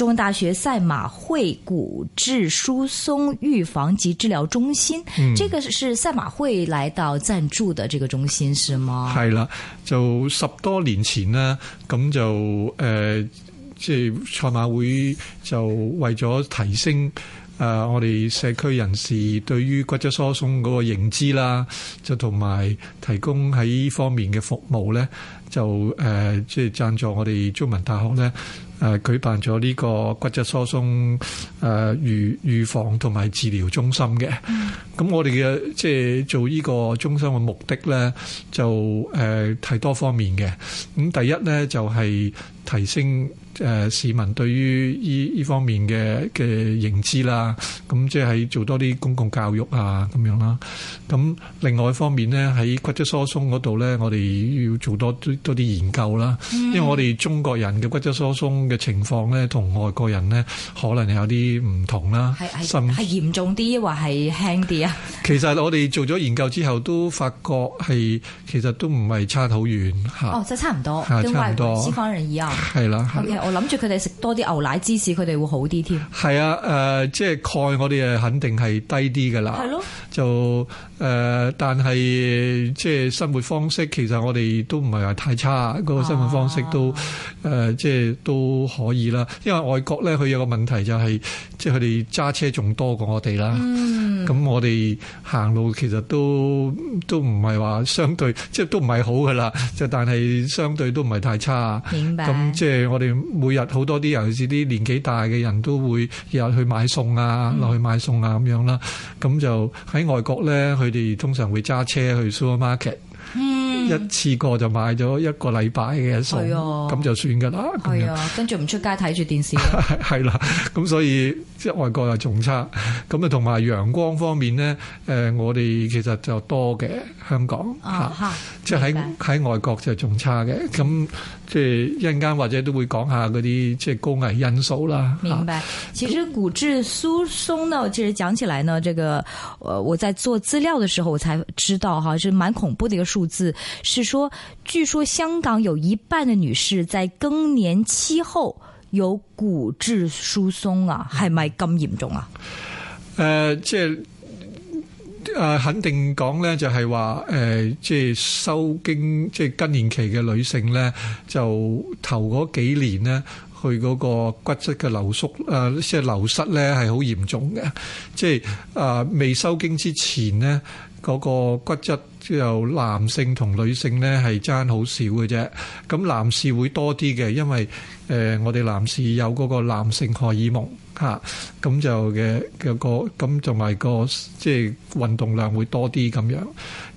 中文大學賽馬會骨質疏鬆預防及治療中心，嗯，這個是賽馬會來到贊助的這個中心是嗎？係啦，就十多年前呢，咁就誒，即係賽馬會就為咗提升誒、呃、我哋社區人士對於骨質疏鬆嗰個認知啦，就同埋提供喺呢方面嘅服務咧，就誒即係贊助我哋中文大學咧。誒、啊、舉辦咗呢個骨質疏鬆誒預預防同埋治療中心嘅，咁、嗯、我哋嘅即係做呢個中心嘅目的咧，就誒係，呃、多方面嘅。咁第一咧就係、是、提升誒、呃、市民對於呢呢方面嘅嘅認知啦。咁即係做多啲公共教育啊，咁樣啦。咁另外一方面咧喺骨質疏鬆度咧，我哋要做多多啲研究啦，嗯、因為我哋中國人嘅骨質疏鬆。嘅情況咧，同外國人咧，可能有啲唔同啦，係係，係嚴重啲，或係輕啲啊？其實我哋做咗研究之後，都發覺係其實都唔係差好遠嚇。 哦，即係差唔多，差唔多西方人耳啊。係啦，OK，我諗住佢哋食多啲牛奶芝士，佢哋會好啲添。係啊，誒、呃，即係鈣，我哋誒肯定係低啲噶啦。係咯，就誒、呃，但係即係生活方式，其實我哋都唔係話太差，嗰、那個生活方式都誒、啊呃，即係都。都可以啦，因為外國咧，佢有個問題就係、是，即係佢哋揸車仲多過、嗯、我哋啦。咁我哋行路其實都都唔係話相對，即、就、係、是、都唔係好噶啦。就但係相對都唔係太差。明白。咁即係我哋每日好多啲，尤其係啲年紀大嘅人都會入去買餸啊，落去買餸啊咁樣啦。咁就喺外國咧，佢哋通常會揸車去 supermarket。一次過就買咗一個禮拜嘅餸，咁、啊、就算噶啦。係啊，跟住唔出街睇住電視啦。係 啦，咁所以即係外國又仲差，咁啊同埋陽光方面咧，誒、呃、我哋其實就多嘅香港嚇、啊啊，即係喺喺外國就仲差嘅咁。即係一陣間或者都會講下嗰啲即係高危因素啦。嗯、明白，啊、其實骨質疏鬆呢，其實講起來呢，這個，呃，我在做資料的時候我才知道哈、啊，是蠻恐怖的一個數字，是說，據說香港有一半的女士在更年期後有骨質疏鬆啊，係咪咁嚴重啊？誒、呃，即係。誒肯定講咧，就係話誒，即係收經，即係更年期嘅女性咧，就頭嗰幾年咧，佢嗰個骨質嘅流縮，即係流失啊，呢些流失咧係好嚴重嘅，即係啊未收經之前咧，嗰個骨質。都有男性同女性呢，係爭好少嘅啫，咁男士會多啲嘅，因為誒我哋男士有嗰個男性荷爾蒙嚇，咁就嘅嘅咁仲係個即係運動量會多啲咁樣，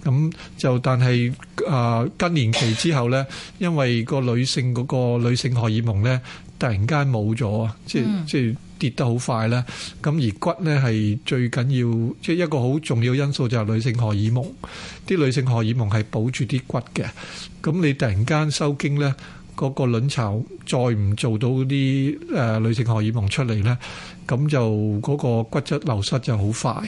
咁就但係啊更年期之後呢，因為個女性嗰個女性荷爾蒙呢。突然間冇咗啊！即係即係跌得好快啦。咁、嗯、而骨呢係最緊要，即係一個好重要因素就係女性荷爾蒙。啲女性荷爾蒙係保住啲骨嘅。咁你突然間收經呢，嗰、嗰個卵巢再唔做到啲誒女性荷爾蒙出嚟呢，咁就嗰個骨質流失就好快。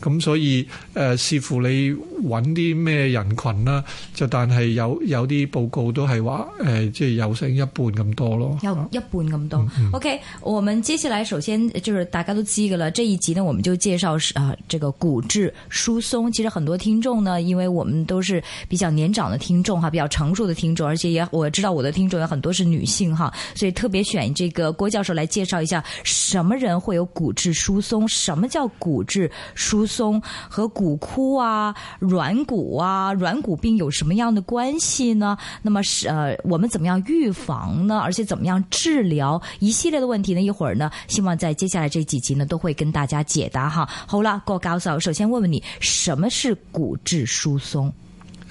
咁、嗯、所以誒、呃、視乎你揾啲咩人群啦，就但係有有啲報告都係話誒即係有成一半咁多咯，有一半咁多、嗯。OK，我們接下來首先就是大家都知噶啦，這一集呢，我們就介紹啊、呃，這個骨質疏鬆，其實很多聽眾呢，因為我們都是比較年長的聽眾哈，比較成熟的聽眾，而且也我知道我的聽眾有很多是女性哈，所以特別選這個郭教授來介紹一下，什麼人會有骨質疏鬆，什麼叫骨質疏鬆。鬆和骨枯啊、軟骨啊、軟骨病有什麼樣的關係呢？那麼是呃，我們怎麼樣預防呢？而且怎麼樣治療一系列的問題呢？一會兒呢，希望在接下來這幾集呢，都會跟大家解答哈。好了，郭教授，首先問問你，什麼是骨質疏鬆？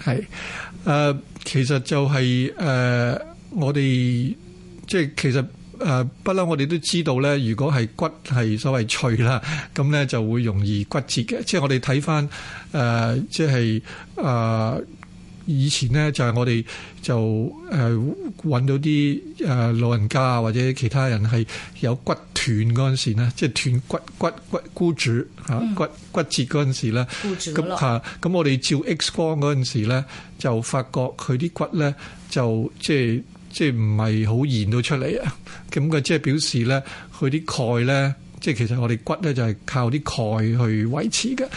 係呃，其實就係呃，我哋即係其實。誒，不嬲，我哋都知道咧。如果係骨係所謂脆啦，咁咧就會容易骨折嘅。即係我哋睇翻誒，即係誒，以前咧就係我哋就誒揾到啲誒老人家啊，或者其他人係有骨斷嗰陣時咧，即係斷骨骨骨骨折吓骨骨折嗰陣時咧。咁吓，咁我哋照 X 光嗰陣時咧，就發覺佢啲骨咧就即係。即係唔係好現到出嚟啊，咁佢即係表示咧，佢啲鈣咧，即係其實我哋骨咧就係靠啲鈣去維持嘅。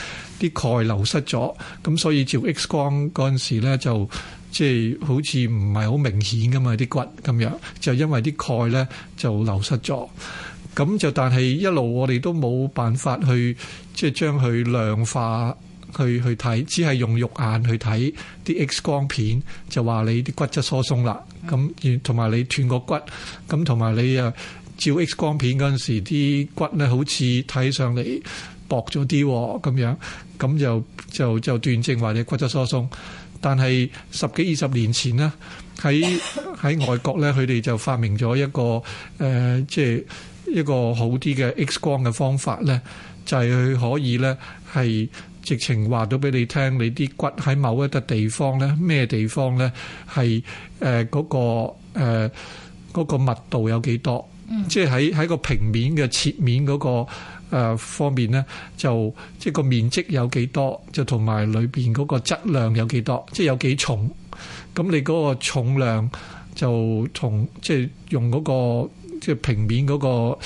啲鈣流失咗，咁所以照 X 光嗰陣時咧就即係好似唔係好明顯噶嘛啲骨咁樣，就因為啲鈣咧就流失咗。咁就但係一路我哋都冇辦法去即係將佢量化。去去睇，只係用肉眼去睇啲 X 光片，就話你啲骨質疏鬆啦。咁同埋你斷個骨，咁同埋你啊照 X 光片嗰陣時，啲骨咧好似睇上嚟薄咗啲咁樣，咁就就就斷症話你骨質疏鬆。但係十幾二十年前呢，喺喺外國咧，佢哋就發明咗一個誒，即係一個好啲嘅 X 光嘅方法咧，就係佢可以咧係。直情話到俾你聽，你啲骨喺某一笪地方咧，咩地方咧，係誒嗰個誒嗰個密度有幾多？嗯，即係喺喺個平面嘅切面嗰個誒方面咧，就即係個面積有幾多，就同埋裏邊嗰個質量有幾多，即係有幾重。咁你嗰個重量就同即係用嗰個即係平面嗰個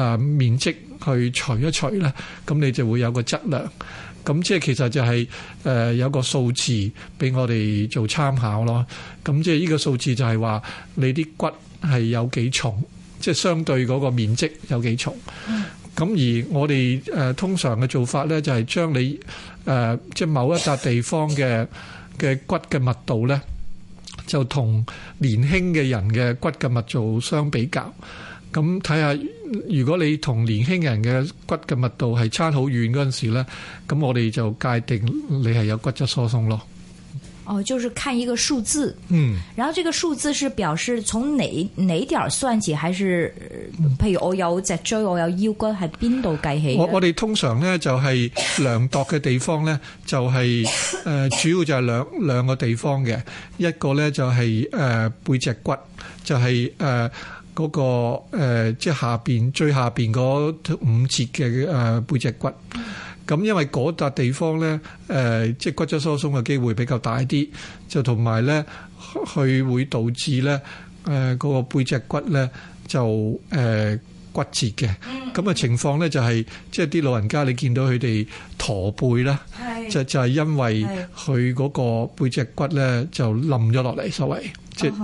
誒面積去除一除咧，咁你就會有個質量。咁即係其實就係誒有個數字俾我哋做參考咯。咁即係呢個數字就係話你啲骨係有幾重，即係相對嗰個面積有幾重。咁而我哋誒通常嘅做法咧，就係將你誒即係某一笪地方嘅嘅骨嘅密度咧，就同年輕嘅人嘅骨嘅密度相比較。咁睇下，如果你同年輕人嘅骨嘅密度係差好遠嗰陣時咧，咁我哋就界定你係有骨質疏鬆咯。哦，就是看一個數字，嗯。然後這個數字是表示從哪哪點算起，還是譬如我有脊椎，我有腰骨，係邊度計起？我我哋通常呢就係量度嘅地方呢、就是，就係誒主要就係兩兩, 兩個地方嘅，一個呢就係、是、誒、呃、背脊骨，就係、是、誒。呃嗰、那個、呃、即係下邊最下邊嗰五節嘅、呃、背脊骨，咁、嗯、因為嗰笪地方咧誒、呃，即係骨質疏鬆嘅機會比較大啲，就同埋咧，佢會導致咧誒嗰個背脊骨咧就誒、呃、骨折嘅，咁、嗯、嘅情況咧就係即係啲老人家你見到佢哋駝背啦，就就是、係因為佢嗰個背脊骨咧就冧咗落嚟，所謂。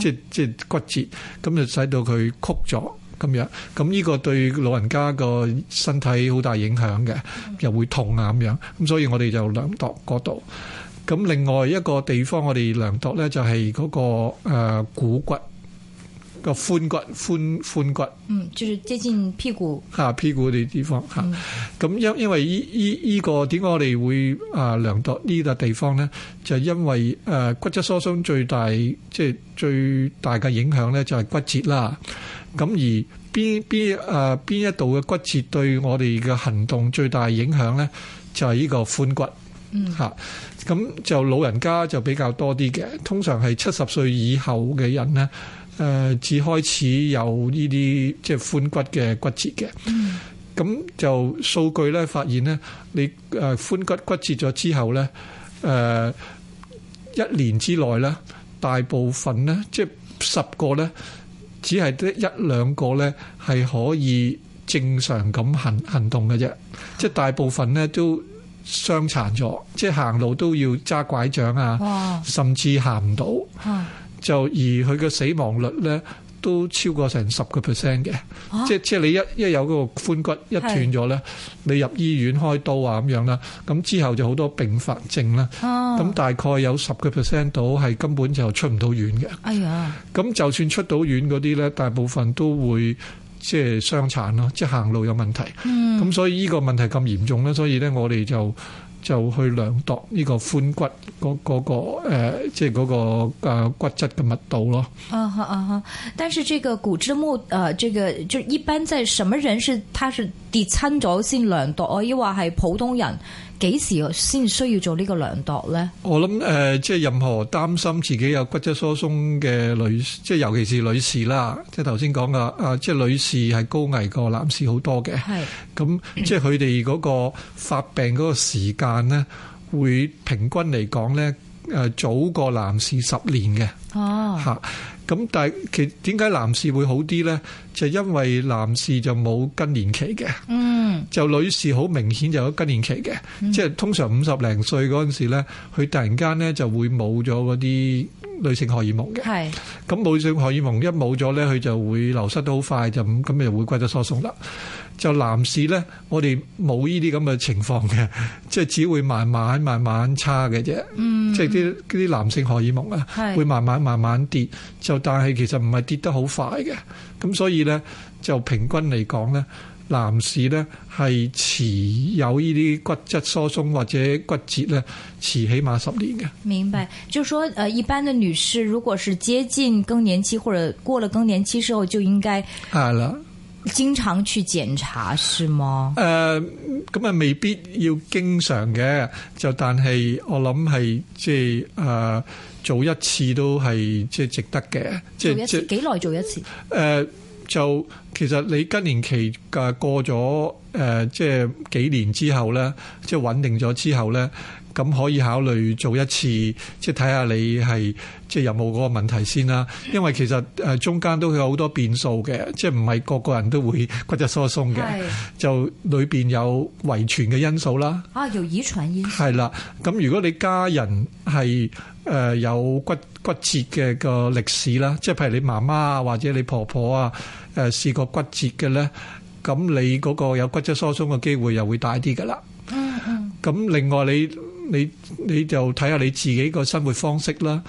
即即即骨折咁就使到佢曲咗咁樣，咁呢個對老人家個身體好大影響嘅，又會痛啊咁樣咁，所以我哋就量度嗰度。咁另外一個地方，我哋量度咧就係嗰個誒股骨，個髖骨、髖髖骨，嗯，就是接近屁股吓、啊、屁股啲地方吓。咁、啊、因、嗯、因為依依依個點解我哋會啊量度呢個地方咧，就是、因為誒、呃、骨質疏鬆最大即係最大嘅影響咧，就係、是、骨折啦。咁而邊邊誒邊一度嘅骨折對我哋嘅行動最大影響咧，就係、是、呢個髖骨吓。咁、啊嗯啊、就老人家就比較多啲嘅，通常係七十歲以後嘅人咧。誒、呃，至開始有呢啲即係髖骨嘅骨折嘅，咁、嗯、就數據咧發現咧，你誒髖骨，骨骨折咗之後咧，誒、呃、一年之內咧，大部分咧，即、就、係、是、十個咧，只係得一兩個咧係可以正常咁行行動嘅啫，即、就、係、是、大部分咧都傷殘咗，即、就、係、是、行路都要揸拐杖啊，甚至行唔到。就而佢嘅死亡率咧都超過成十個 percent 嘅，即即係你一一有一個髖骨一斷咗咧，你入醫院開刀啊咁樣啦，咁之後就好多併發症啦，咁、啊、大概有十個 percent 到係根本就出唔到院嘅。哎呀，咁就算出到院嗰啲咧，大部分都會即係傷殘咯，即係行路有問題。咁、嗯、所以呢個問題咁嚴重咧，所以咧我哋就。就去量度呢個髖骨嗰嗰、那個、呃、即係嗰、那個誒、呃、骨質嘅密度咯。啊哈啊哈、啊！但是這個骨之木誒、呃，這個就一般在什麼人是？他是跌親咗先量度，抑或係普通人？幾時先需要做呢個量度呢？我諗誒、呃，即係任何擔心自己有骨質疏鬆嘅女，即係尤其是女士啦，即係頭先講噶，誒、呃，即係女士係高危過男士好多嘅。係，咁即係佢哋嗰個發病嗰個時間呢，會平均嚟講呢，誒、呃，早過男士十年嘅。哦、啊，吓、啊。咁但係，其點解男士會好啲咧？就係、因為男士就冇更年期嘅、嗯，就女士好明顯就有更年期嘅、嗯，即係通常五十零歲嗰陣時咧，佢突然間咧就會冇咗嗰啲女性荷爾蒙嘅。係，咁女性荷爾蒙一冇咗咧，佢就會流失得好快就咁，就會會骨質疏鬆啦。就男士咧，我哋冇呢啲咁嘅情況嘅，即係只會慢慢慢慢差嘅啫。即係啲啲男性荷爾蒙啊，會慢慢慢慢跌。就但係其實唔係跌得好快嘅。咁所以咧，就平均嚟講咧，男士咧係持有呢啲骨質疏鬆或者骨折咧，遲起碼十年嘅。明白，就係、是、說，一般的女士，如果是接近更年期或者過了更年期之後，就應該啦。經常去檢查是嗎？誒、呃，咁啊，未必要經常嘅，就但係我諗係即係誒，做一次都係即係值得嘅。做一次幾耐做一次？誒、呃，就其實你更年期嘅過咗誒、呃，即係幾年之後咧，即係穩定咗之後咧。咁可以考慮做一次，即係睇下你係即係有冇嗰個問題先啦。因為其實誒中間都有好多變數嘅，即係唔係個個人都會骨質疏鬆嘅，就裏面有遺傳嘅因素啦。啊，有遺傳因素係啦。咁如果你家人係誒有骨骨折嘅個歷史啦，即係譬如你媽媽或者你婆婆啊，誒、呃、試過骨折嘅咧，咁你嗰個有骨質疏鬆嘅機會又會大啲噶啦。咁、嗯嗯、另外你你你就睇下你自己個生活方式啦。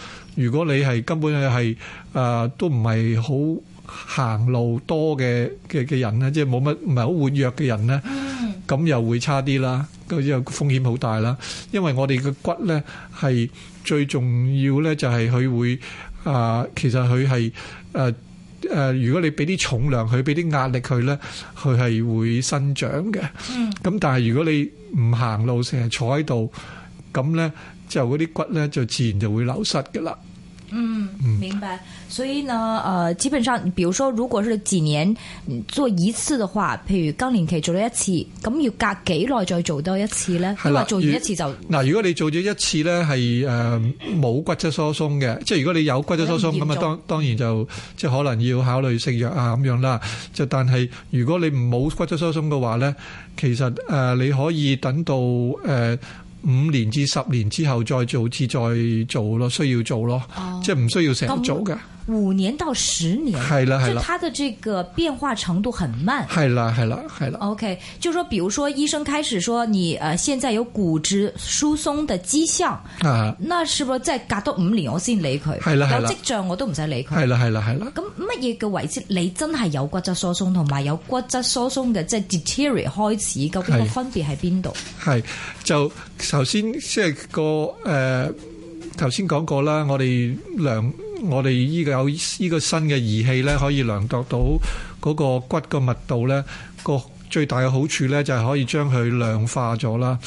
咁咧，就嗰啲骨咧，就自然就會流失㗎啦。嗯，明白。所以呢，誒、呃，基本上，譬如說，如果是幾年做一次嘅話，譬如更年期做咗一次，咁要隔幾耐再做多一次咧？係啦，做完一次就嗱、嗯呃。如果你做咗一次咧，係誒冇骨質疏鬆嘅，即係如果你有骨質疏鬆咁啊、嗯，當然就即係可能要考慮食藥啊咁樣啦。就但係如果你冇骨質疏鬆嘅話咧，其實誒、呃、你可以等到誒。呃五年至十年之後再做，至再做咯，需要做咯，即係唔需要成日做㗎。五年到十年，係啦係啦，即係佢嘅這個變化程度很慢，係啦係啦係啦。OK，就是說，比如說醫生開始說你，誒，現在有骨質疏鬆的迹象，啊，那是不是再隔多五年我先理佢？係啦係啦，有迹象我都唔使理佢。係啦係啦係啦。咁乜嘢嘅為之？你真係有骨質疏鬆同埋有骨質疏鬆嘅，即係 deteriorate 開始，究竟個分別喺邊度？係就頭先即係個誒，頭先講過啦，呃，我哋兩。我哋呢個有呢個新嘅儀器咧，可以量度到嗰個骨嘅密度咧。個最大嘅好處咧，就係可以將佢量化咗啦。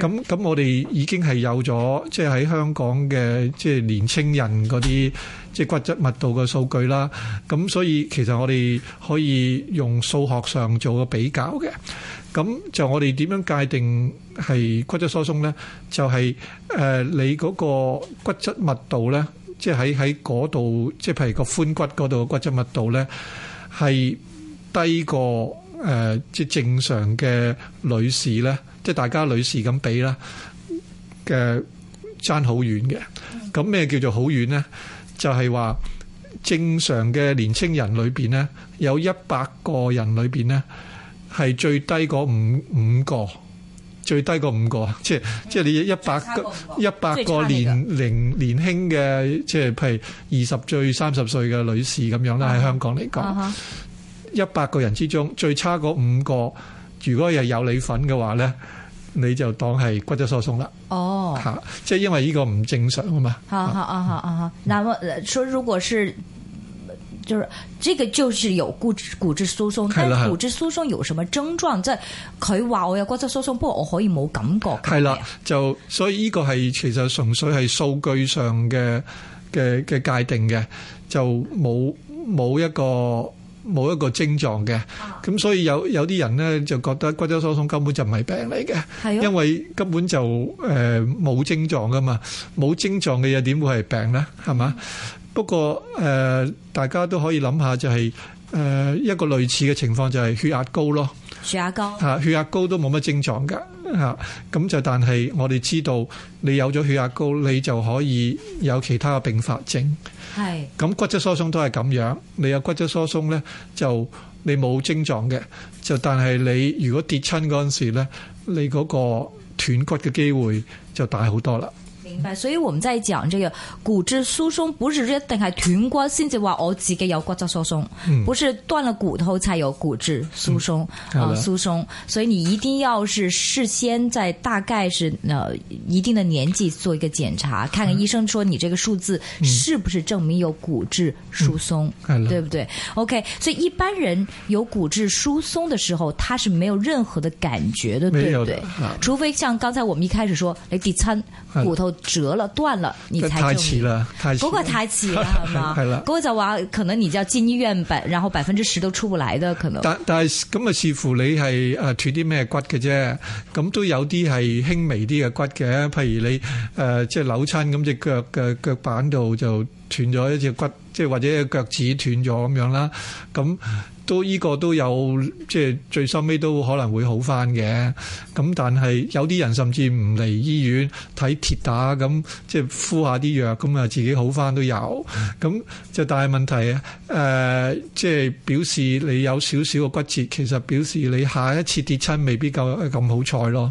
咁咁，我哋已經係有咗，即係喺香港嘅，即係年青人嗰啲，即係骨質密度嘅數據啦。咁所以其實我哋可以用數學上做個比較嘅。咁就我哋點樣界定係骨質疏鬆咧？就係，誒，你嗰個骨質密度咧，即喺喺度是低，即係譬如個髖骨度嘅骨質密度咧，係低過誒，即係正常嘅女士咧，即係大家女士咁比啦，嘅爭好遠嘅。咁咩叫做好遠咧？就係話正常嘅年青人裏邊咧，有一百個人裏邊咧，係最低嗰五五個。最低個五個，即係即係你一百個一百個，個年齡、那個、年輕嘅，即係譬如二十歲、三十歲嘅女士咁樣啦，喺香港嚟講，一百個人之中最差嗰五個，如果係有你份嘅話咧，你就當係骨質疏鬆啦。哦，嚇，即係因為呢個唔正常啊嘛。好好好好好、嗯，那麼，說如果是。就是，這個就是有骨質骨質疏鬆，但係骨質疏鬆有什麼症狀？即係佢話我有骨質疏鬆，不過我可以冇感覺。係啦，就所以呢個係其實純粹係數據上嘅嘅嘅界定嘅，就冇冇一個冇一個症狀嘅。咁、啊、所以有有啲人呢就覺得骨質疏鬆根本就唔係病嚟嘅，因為根本就誒冇、呃、症狀噶嘛，冇症狀嘅嘢點會係病呢？係嘛？是不過誒、呃，大家都可以諗下、就是，就係誒一個類似嘅情況，就係血壓高咯。血壓高吓，血壓高都冇乜症狀噶吓，咁、啊、就但係我哋知道，你有咗血壓高，你就可以有其他嘅併發症。係，咁骨質疏鬆都係咁樣。你有骨質疏鬆咧，就你冇症狀嘅，就但係你如果跌親嗰陣時咧，你嗰個斷骨嘅機會就大好多啦。明白，所以我們在講這個骨質疏鬆，不是說等下斷骨先至話我自己有骨質疏鬆，不是斷了骨頭才有骨質疏鬆啊、嗯呃、疏鬆。所以你一定要是事先在大概是呃一定的年紀做一個檢查，看看醫生說你這個數字是不是證明有骨質疏鬆，嗯、對不對？OK，所以一般人有骨質疏鬆的時候，他是沒有任何的感覺的，的對不對？除非像剛才我們一開始說，誒，第三。骨頭折了斷了，你才就了，不過太遲啦，太過遲啦嘛。嗰個就話可能你叫進醫院百，然後百分之十都出不來的可能。但但係咁啊，那視乎你係誒斷啲咩骨嘅啫。咁都有啲係輕微啲嘅骨嘅，譬如你誒、呃、即係扭親咁隻腳嘅腳，腳板度就斷咗一隻骨。即係或者是腳趾斷咗咁樣啦，咁都依個都有，即係最收尾都可能會好翻嘅。咁但係有啲人甚至唔嚟醫院睇鐵打咁，即係敷一下啲藥，咁啊自己好翻都有。咁就大問題誒，即係表示你有少少嘅骨折，其實表示你下一次跌親未必夠咁好彩咯。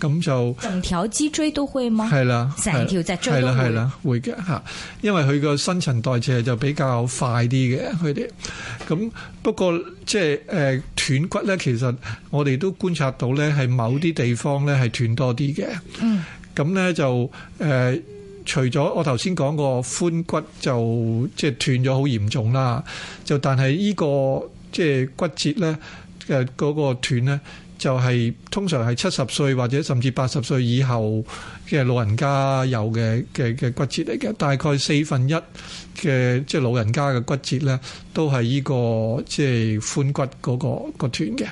咁就成條脊椎都會嗎？係啦，成條脊椎係啦係啦會嘅吓，因為佢個新陳代謝就比較快啲嘅佢哋。咁不過即係誒斷骨咧，其實我哋都觀察到咧，係某啲地方咧係斷多啲嘅。嗯，咁咧就誒、呃，除咗我頭先講個髖骨就即係斷咗好嚴重啦，就但係、呢個就係、呢、嗰個即係骨折咧誒嗰個斷咧。就係、是、通常係七十歲或者甚至八十歲以後嘅老人家有嘅嘅嘅骨折嚟嘅，大概四分一嘅即係老人家嘅骨折咧，都係呢、這個即係髖骨嗰、那個個斷嘅。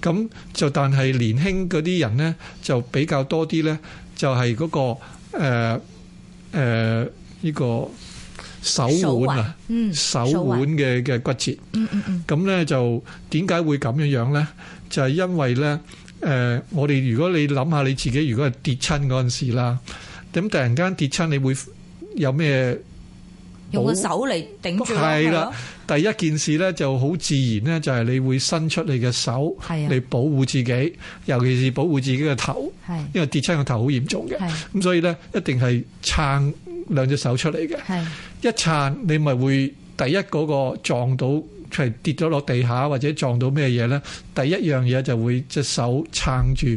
咁就但係年輕嗰啲人咧，就比較多啲咧，就係嗰個誒誒依個。呃呃這個手腕啊，嗯、手腕嘅嘅骨折，咁、嗯、咧、嗯嗯、就點解會咁樣樣咧？就係、是、因為咧，誒、呃，我哋如果你諗下你自己，如果係跌親嗰陣時啦，咁突然間跌親，你會有咩用個手嚟頂住係啦？第一件事咧就好自然咧，就係你會伸出你嘅手嚟保護自己，尤其是保護自己嘅頭的，因為跌親個頭好嚴重嘅，咁所以咧一定係撐兩隻手出嚟嘅。一撐你咪會第一嗰個撞到出嚟跌咗落地下或者撞到咩嘢咧？第一樣嘢就會隻手撐住，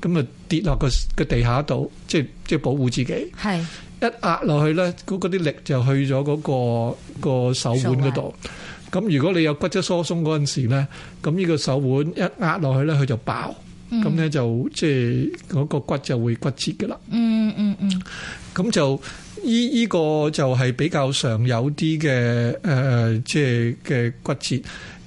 咁啊跌落個個地下度，即係即係保護自己。係一壓落去咧，嗰嗰啲力就去咗嗰個個手腕嗰度。咁如果你有骨質疏鬆嗰陣時咧，咁呢個手腕一壓落去咧，佢就爆，咁咧就即係嗰個骨就會骨折㗎喇。嗯嗯嗯，咁就。依、這、依個就係比較常有啲嘅誒，即係嘅骨折。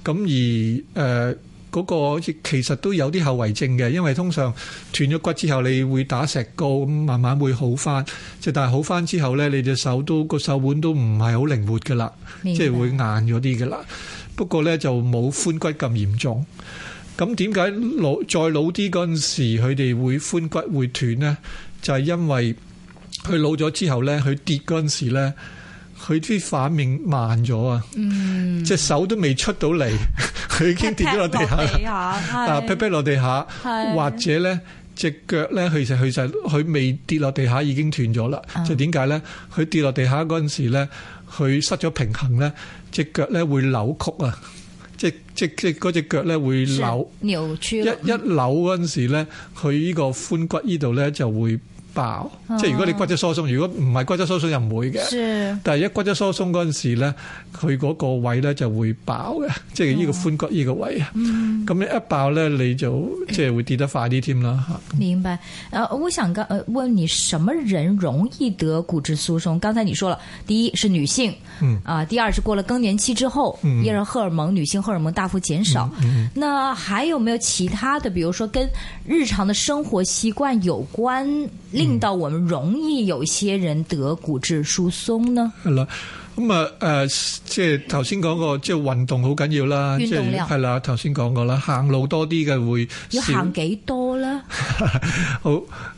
咁而誒嗰個其實都有啲後遺症嘅，因為通常斷咗骨之後，你會打石膏，咁慢慢會好返。即係但係好返之後咧，你隻手都個手腕都唔係好靈活㗎啦，即係會硬咗啲㗎啦。不過咧就冇髖骨咁嚴重。咁點解老再老啲嗰陣時，佢哋會髖骨會斷呢？就係、是、因為。佢老咗之後咧，佢跌嗰陣時咧，佢啲反應慢咗啊，隻、嗯、手都未出到嚟，佢已經跌咗落地下啦。啊，啪啪落地下，或者咧隻腳咧，佢就佢就，佢未跌落地下已經斷咗啦。就點解咧？佢跌落地下嗰陣時咧，佢失咗平衡咧，隻腳咧會扭曲啊，即即即嗰隻腳咧會扭一一扭嗰陣時咧，佢呢個髖骨呢度咧就會。爆，即係如果你骨質疏鬆，如果唔係骨質疏鬆又唔會嘅，但係一骨質疏鬆嗰陣時呢，佢嗰個位呢就會爆嘅、哦，即係呢個髖骨呢個位啊，咁、嗯、你一爆呢，你就即係會跌得快啲添啦。明白？我想問你，什麼人容易得骨質疏鬆？剛才你說了，第一是女性，嗯、第二是過了更年期之後，嗯、因為荷爾蒙女性荷爾蒙大幅減少、嗯嗯，那還有沒有其他的，比如說跟日常的生活習慣有關？嗯、令到我們容易有些人得骨質疏鬆呢？係、嗯、啦，咁啊誒，即係頭先講過，即係運動好緊要啦，即係係啦，頭先講過啦，行路多啲嘅會要行幾多？ 好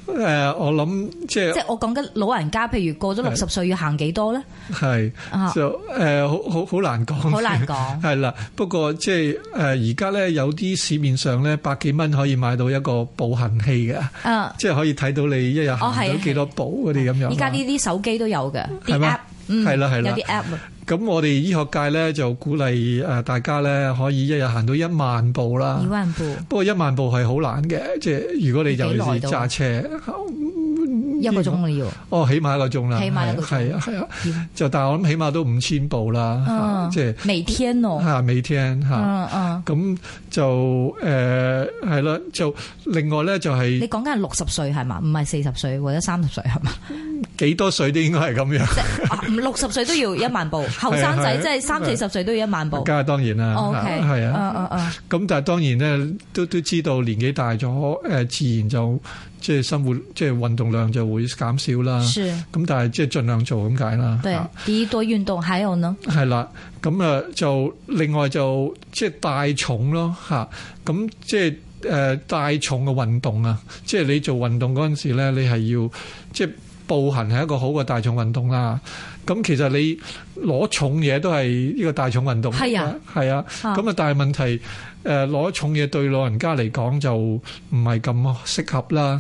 誒、呃，我諗即係即係我講緊老人家，譬如過咗六十歲要行幾多咧？係就誒，好好好難講，好難講係啦。不過即係誒，而家咧，有啲市面上咧，百幾蚊可以買到一個步行器嘅、啊，即係可以睇到你一日行咗幾多步嗰啲咁樣。而家呢啲手機都有嘅，係嘛，係啦係啦。有啲 app。咁我哋醫學界呢，就鼓勵大家呢可以一日行到一萬步啦，萬步不過一萬步係好難嘅，即係如果你尤其係揸車。一個鐘要哦，起碼一個鐘啦，起碼一個鐘啦，係啊係啊，啊，就但係我諗起碼都五千步啦，即係每天咯，吓每天吓，咁就誒係啦，就另外咧就係你講緊係六十歲係嘛？唔係四十歲或者三十歲係嘛？幾多歲都應該係咁樣，六十歲都要一萬步，後生仔即係三四十歲都要一萬步，梗係當然啦，O K 係啊，咁、啊 okay，啊啊嗯、但係當然咧都都知道年紀大咗，誒自然就。即係生活，即係運動量就會減少啦。咁但係即係盡量做咁解啦。對、啊、第一多運動，還有呢？係啦，咁啊就另外就即係帶重咯吓，咁即係誒帶重嘅運動啊，即係你做運動嗰陣時咧，你係要即係。步行係一個好嘅大重運動啦。咁其實你攞重嘢都係呢個大重運動，係啊，係啊。咁啊，啊，但係問題誒攞重嘢對老人家嚟講就唔係咁適合啦。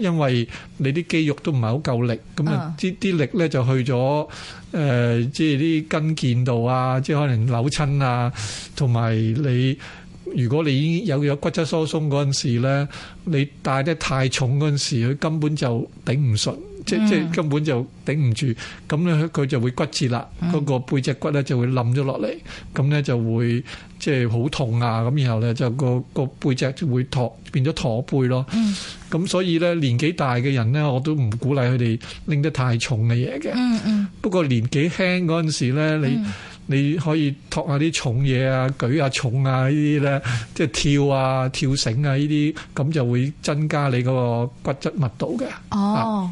因為你啲肌肉都唔係好夠力，咁啊啲啲力咧就去咗誒、啊呃，即係啲筋腱度啊，即係可能扭親啊，同埋你如果你已經有咗骨質疏鬆嗰陣時咧，你帶得太重嗰陣時，佢根本就頂唔順。即即根本就頂唔住，咁咧佢就會骨折啦。嗰、那個背脊骨咧就會冧咗落嚟，咁咧就會即係好痛啊！咁然後咧就個個背脊就會駝變咗駝背咯。咁、嗯、所以咧年紀大嘅人咧，我都唔鼓勵佢哋拎得太重嘅嘢嘅。不過年紀輕嗰陣時咧，你。嗯你可以托下啲重嘢啊，舉下重啊，呢啲咧，即係跳啊、跳繩啊呢啲，咁就會增加你個骨質密度嘅。哦，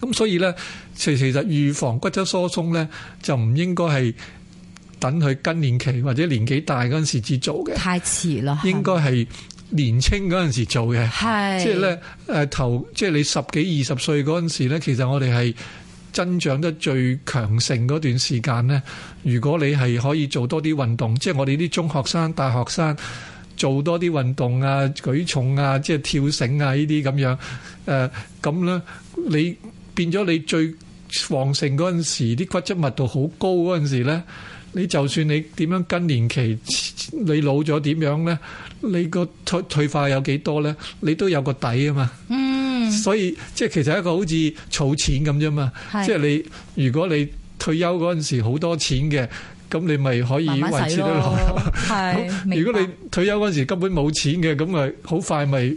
咁所以咧，其其實預防骨質疏鬆咧，就唔應該係等佢更年期或者年紀大嗰陣時至做嘅。太遲啦，應該係年輕嗰陣時做嘅。係，即係咧，誒頭，即係你十幾二十歲嗰陣時咧，其實我哋係。增長得最強盛嗰段時間呢，如果你係可以做多啲運動，即係我哋啲中學生、大學生做多啲運動啊、舉重啊、即係跳繩啊呢啲咁樣，誒咁咧，你變咗你最旺盛嗰陣時，啲骨質密度好高嗰陣時咧，你就算你點樣更年期，你老咗點樣呢，你個退退化有幾多呢？你都有個底啊嘛。所以即係其實是一個好似儲錢咁啫嘛，即係你如果你退休嗰陣時好多錢嘅，咁你咪可以維持得落？係，如果你退休嗰陣時候根本冇錢嘅，咁咪好快咪。